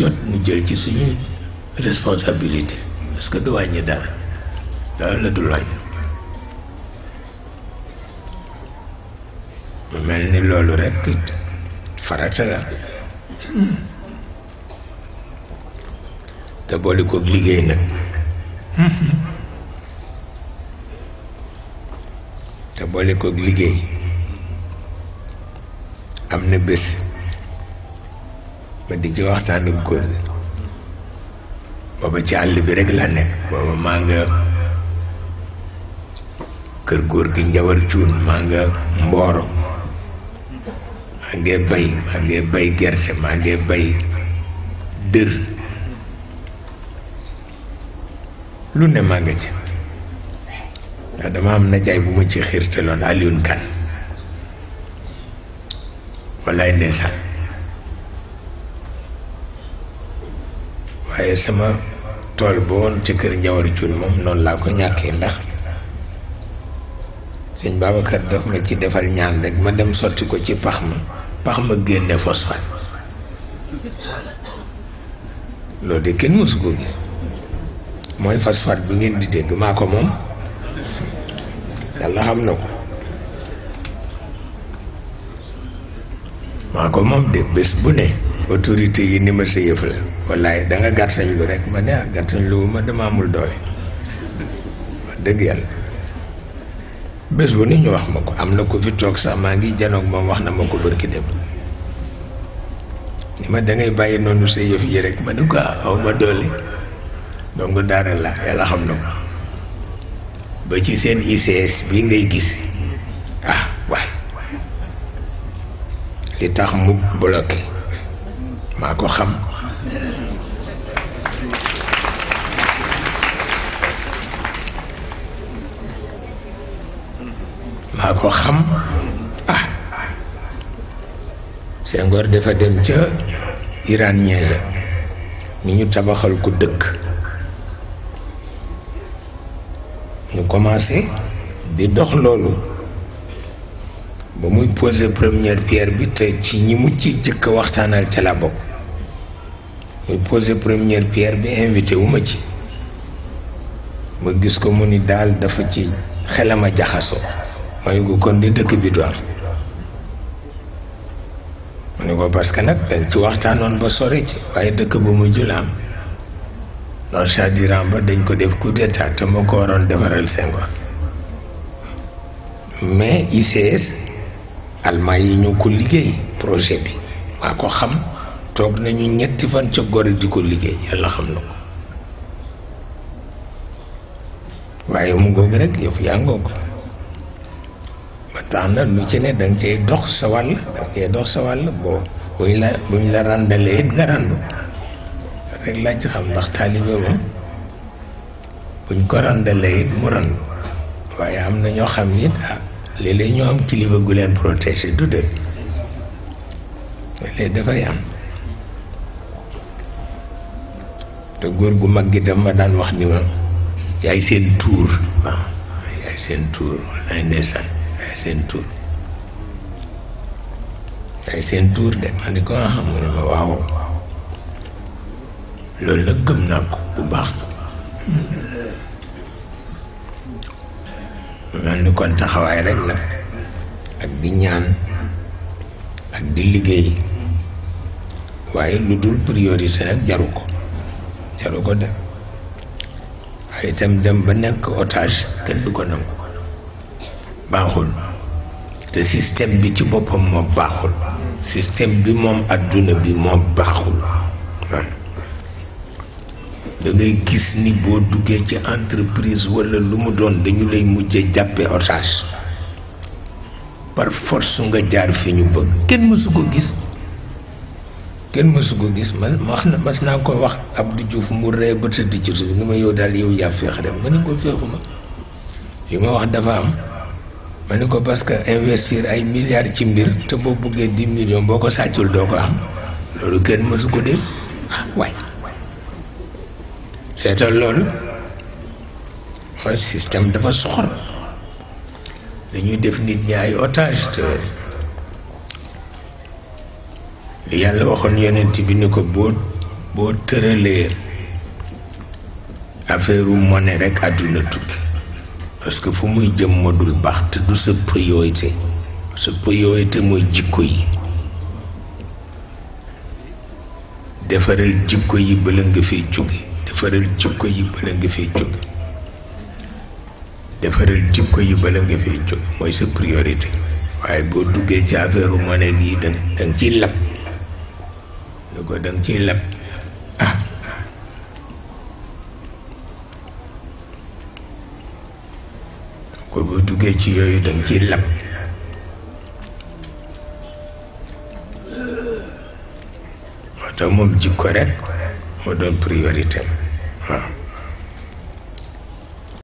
jot ñu jël ci suñuy responsabilité parce que du wàññi dara dara la dul wàññi mel ni loolu rekk farata la te boole koog liggéey nag te boole koog liggéey am na bés ma di ci waxtaan góor booba ci àll bi rek la nekk booba maa nga kër góor gi njawar cuun maa nga mbooro maa ngee bay maa ngee bay gerte maa ngee bay dër lu ne maa nga ci ndax dama am najaay bu ma ci xiirtaloon Alioune Kane wallaay ndeysaan waaye sama tool ba woon ci kër Njawar Cuun moom noonu laa ko ñàkkee ndax sëñ Babacar daf ma ci defar ñaan rek ma dem sotti ko ci pax ma pax ma génne phosphate loolu de kenn mësu ko gis mooy phosphate bi ngeen di dégg maa ko moom yàlla xam na ko maa ko moom de bés bu ne autorité yi ni ma sa yëf la wallaay da nga gàttañ lu rek ma ne ah gàttañ lu ma dama amul doole wax dëgg yàlla bés bu ni ñu wax ma ko am na ko fi toog sax maa ngi janoog moom wax na ma ko bërki dem ma da ngay bàyyi noonu sa yëf yi rek ma ne ko ah, aw ma doole donc daara la yàlla xam na ko ba ci seen ICS bi ngay gis ah waay li tax mu bloqué maa ko xam maa ko xam ah Senghor dafa dem ca iranien la ni ñu tabaxal ko dëkk ñu commencé di dox loolu ba muy poser première pierre bi te ci ñi mu ci jëkk waxtaanal ca la bokk muy posé première pierre bi invité wu ci ma gis ko mu ni daal dafa ci xelam a jaxasoo ma ne ko kon di dëkk bi du mu ne ko parce que nag dañ ci waxtaanoon ba sore ci waaye dëkk bu mu julaam loolu c'est-à-dire ba dañ ko def coup d'état te ma ko waroon defaral Senghor mais ICS allemand yi ñoo ko liggéey projet bi maa ko xam toog nañu ñetti fan ca gore di ko liggéey yàlla xam na ko waaye mu ngoog rek yëf yaa ba tax na lu ci ne danga cay dox sa wàll danga cay dox sa wàll boo buñ la buñ la ràndalee it nga ràndu rek laa xam ndax taalibe moom buñ ko ràndalee it mu ràndu waaye am na ñoo xam ni ah ñoo am kilifa gu leen protégé du dëgg léeg dafay am te góor gu mag gi tam ma daan wax ni ma yaay seen tuur ah. waaw yaay seen tuur yaay seen tuur yaay seen de ma ni ko xam ah, ne ma waaw loolu nag gëm naa ko bu baax mel ni kon taxawaay rek la ak di ñaan ak di liggéey waaye lu dul priorité nag jaru ko jaru ko def ay itam dem ba nekk otage kenn du ko nangu baaxul te système bi ci boppam moom baaxul système bi moom adduna bi moom baaxul da gis ni boo duggee ci entreprise walla lu mu doon dañu lay mujje jàppe otage par force nga jaar fi ñu bëgg kenn mësu ko gis kenn mësu ko gis ma wax na mas naa ko wax Abdou Diouf mu ree ba tëdd ci suuf ma yow daal yow yaa féex dem ma ne ko féexuma li ma wax dafa am ma ne ko parce que investir ay milliards ci mbir te boo buggee dix millions boo ko sàccul doo ko am loolu kenn mësu ko dégg waay seetal loolu mooy dafa soxor dañuy def nit ñi ay otage yàlla waxoon yonent bi ni ko boo boo tëralee affaire mone rek àdduna tukki parce que fu muy jëm moo dul baax te du sa priorité sa priorité mooy jikko yi defaral jikko yi bala nga fiy jóge defaral jikko yi bala nga fiy jóge mooy sa priorité waaye boo duggee ci affaire mone gi da nga ciy lakk lu ko dang ciy leb ah ko boo duggee ci yooyu dang ciy leb moo moom jikko rek moo doon priorité waaw